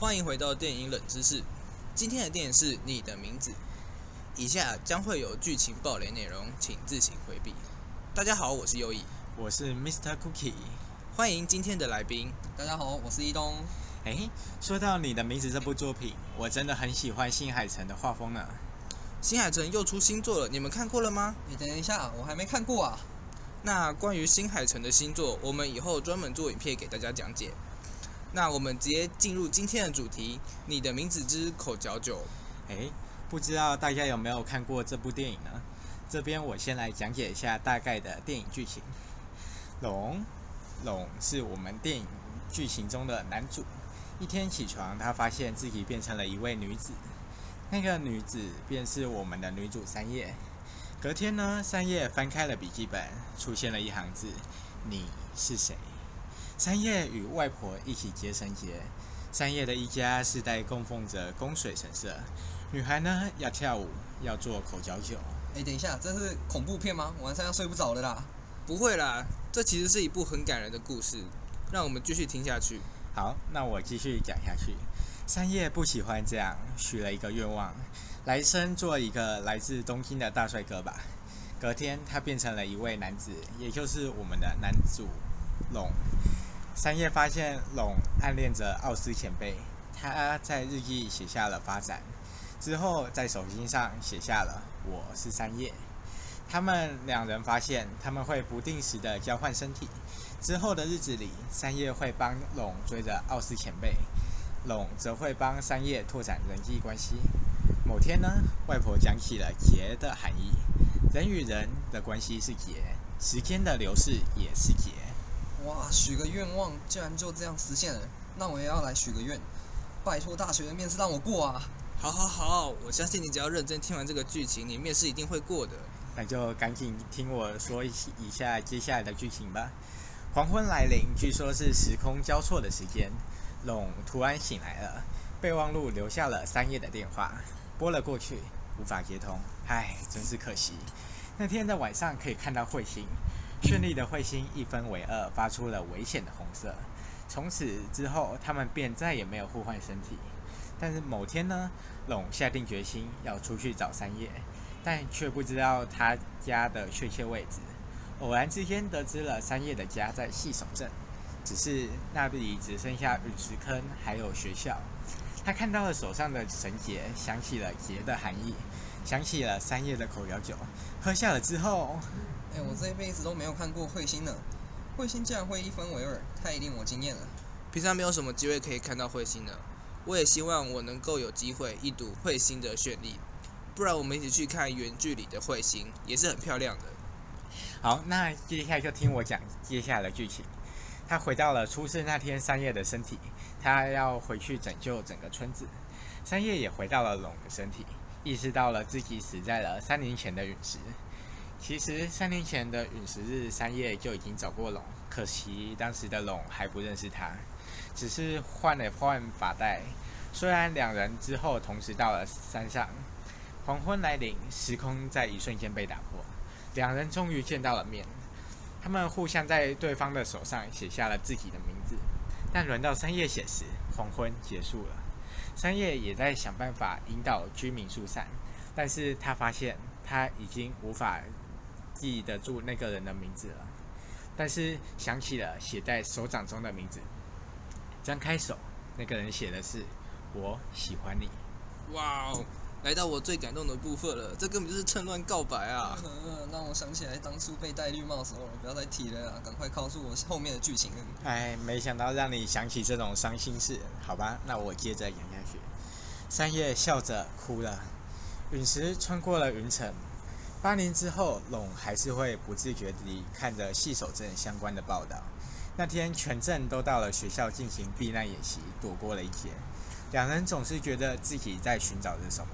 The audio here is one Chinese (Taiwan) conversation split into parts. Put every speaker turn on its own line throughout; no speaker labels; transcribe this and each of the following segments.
歡迎回到電影冷知識。今天的電影是《你的名字》，以下將會有劇情爆雷內容，請自行回避。大家好，我是優一，我是 Mr. Cookie，歡迎今天的來賓。大家好，我是一東。哎，
說到《你的名字》這部作品，哎，我真的很喜歡新海誠的畫風啊。新
海誠又出新作了，你們看過了嗎？哎，等一下，我還沒看過啊。那關於新海誠的新作，我們以後專門做影片給大家講解。那我們直接進入今天的主題，《你的名字之口嚼酒》。誒，不知道大家有沒
有看過這部電影呢？這邊我先來講解一下大概的電影劇情。龍，龍是我們電影劇情中的男主。一天起床，他發現自己變成了一位女子。那個女子便是我們的女主三葉。隔天呢，三葉翻開了筆記本，出現了一行字：“你是誰？”三葉與外婆一起接神節。三葉的一家世代供奉着宮水神社。女孩呢，要跳舞，要
做口嚼酒。哎，等一下，這是恐怖片嗎？晚上要睡不着了啦。不會啦，這其實是一部很感人的故事。讓我們繼續聽下去。好，那我繼續講
下去。三葉不喜歡這樣，許了一個願望，來生做一個來自東京的大帥哥吧。隔天，他變成了一位男子，也就是我們的男主龍。三葉發現瀧暗戀着奧斯前輩，他在日記寫下了發展，之後在手心上寫下了我是三葉。他們兩人發現他們會不定時的交換身體，之後的日子裡，三葉會幫瀧追着奧斯前輩，瀧則會幫三葉拓展人際關係。某天呢，外婆講起了結的含義，人與人的關係是結，時間的流逝
也是結。哇，許個願
望竟然就這樣實現了，那我也要來許個願，
拜托大學的面試讓我過啊！好，好好好，我相信你只要認真聽完這個劇情，你面試一定會過的。
那就趕緊聽我說一下接下來的劇情吧。黃昏來臨，據說是時空交錯的時間，瀧突然醒來了，備忘錄留下了三葉的電話，撥了過去，無法接通，唉，真是可惜。那天在晚上可以看到彗星。絢麗的彗星一分為二，發出了危險的紅色。從此之後，他們便再也沒有互換身體。但是某天呢，龍下定決心要出去找三葉，但卻不知道他家的確切位置。偶然之間得知了三葉的家在細守鎮，只是那裡只剩下隕石坑還有學校。他看到了手上的繩結，想起了結的含義，想起
了三葉的口嚼酒，喝下了之後。
我這一輩子都沒有看過彗星呢，彗星竟然會一分為二，太令我驚豔了。
平常沒有什麼機會可以看到彗星的，我也希望我能夠有機會一睹彗星的絢麗。不然我們一起去看遠距離的彗星，也是很漂亮的。
好，那接下來就聽我講接下來的劇情。他回到了出事那天三葉的身體，他要回去拯救整個村子。三葉也回到了瀧的身體，意識到了自己死在了三年前的隕石。其實三年前的隕石日，三葉就已經找過龍，可惜當時的龍還不認識他，只是換了換髮帶。雖然兩人之後同時到了山上，黃昏來臨，時空在一瞬間被打破，兩人終於見到了面。他們互相在對方的手上寫下了自己的名字，但輪到三葉寫時，黃昏結束了。三葉也在想辦法引導居民疏散，但是他發現他已經無法記得住那個人的名字了，但是想起了寫在手掌中的名字，張開手，那個人
寫的是“我喜歡你”。哇哦，來到我最感動的部分了，
這根本就是趁亂告白啊！嗯嗯嗯、讓我想起來當初被戴綠帽的時候，不要再提了、啊、趕快告訴我後面的劇情。
哎，沒想到讓你想起這種傷心事，好吧，那我接着演下去。三葉笑着哭了，隕石穿過了雲層。八年之後，龍還是會不自覺地看着糸守鎮相關的報道。那天，全鎮都到了學校進行避難演習，躲過了一劫。兩人總是覺得自己在尋找着什麼。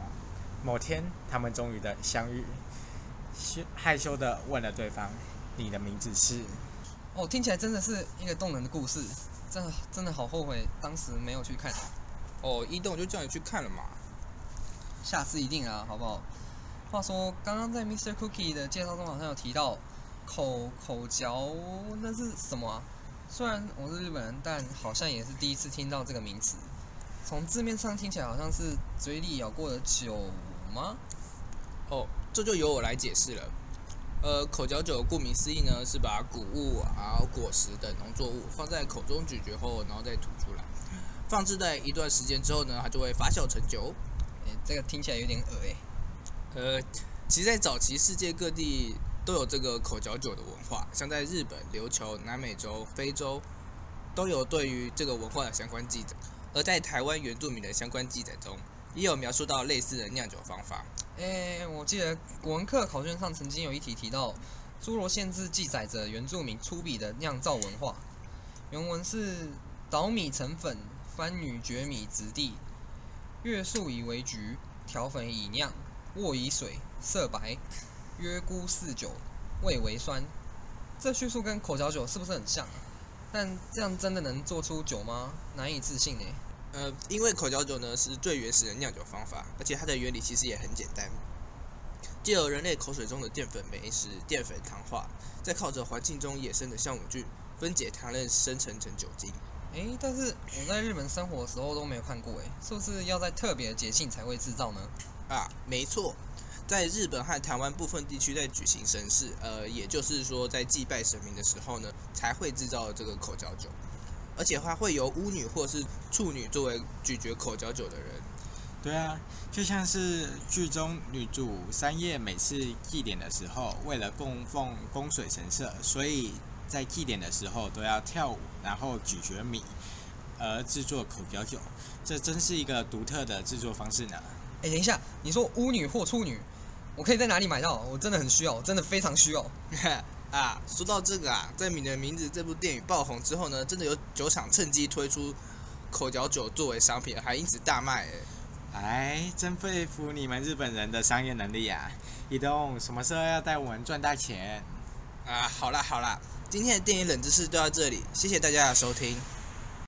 某天，他們終於的相遇，害羞地問了對方：“你的名字是？”
哦，聽起來真的是一個動人的故事。真的真的好後悔，當時沒有去看。哦，一動就叫你去看了嘛。下次一定啊，好不好？話說，剛剛在 Mr. Cookie 的介紹中，好像有提到“口口嚼”，那是什麼啊？雖然我是日本人，但好像也是第一次聽到這個名詞。從字面上聽起來，好像是嘴裡咬過的酒
嗎？哦，這就由我來解釋了。呃，口嚼酒的顧名思義呢，是把穀物啊、果實等農作物放在口中咀嚼後，然後再吐出來，放置在一段時間之後呢，它就會發酵成酒。哎、欸，這個聽起來有點噁哎、欸。呃，其實在早期，世界各地都有這個口嚼酒的文化，像在日本、琉球、南美洲、非洲，都有對於這個文化的相關記載。而在台灣原住民的相關記載中，也有描述到類似的釀酒方法。
誒、欸，我記得國文課考卷上曾經有一題提到，諸羅縣志記載着原住民粗鄙的釀造文化，原文是：搗米成粉，番女嚼米置地，越宿以為麴，調粉以釀。沃以水色白，曰孤似酒，味微酸。這敘述跟口嚼酒是不是很像啊？但這樣真的能做出酒嗎？難以置信呢。欸，呃，
因為口嚼酒呢是最原始的釀酒方法，而且它的原理其實也很簡單，借由人類口水中的澱粉酶使澱粉糖化，再靠着環境中野生的酵母菌分解糖分生成成酒精。哎，但是我在日本生活的時候都
沒有看過誒、欸，是不是要在特別的節慶才會制造呢？
啊，沒錯，在日本和台灣部分地區在舉行神事，呃，也就是說在祭拜神明的時候呢，才會製造這個口嚼酒，而且話會由巫女或是處女作為咀嚼口嚼酒的人。
對啊，就像是劇中女主三葉每次祭典的時候，為了供奉宮水神社，所以在祭典的時候都要跳舞，然後咀嚼米，而製作口嚼酒，這真是一個獨特的製作方式呢。
哎，等一下，你說巫女或處女，我可以在哪裡買到？我真的很需要，我真的非常需要。
啊，說到這個啊，在你的名字這部電影爆紅之後呢，真的有酒廠趁機推出口嚼酒作為商品，還因此大賣。
哎，真佩服你們日本人的商業能力呀、啊！伊東，什麼時候要帶我們賺大錢？啊，好啦好啦，今天的電影冷知識就到這裡，謝謝大家的收聽。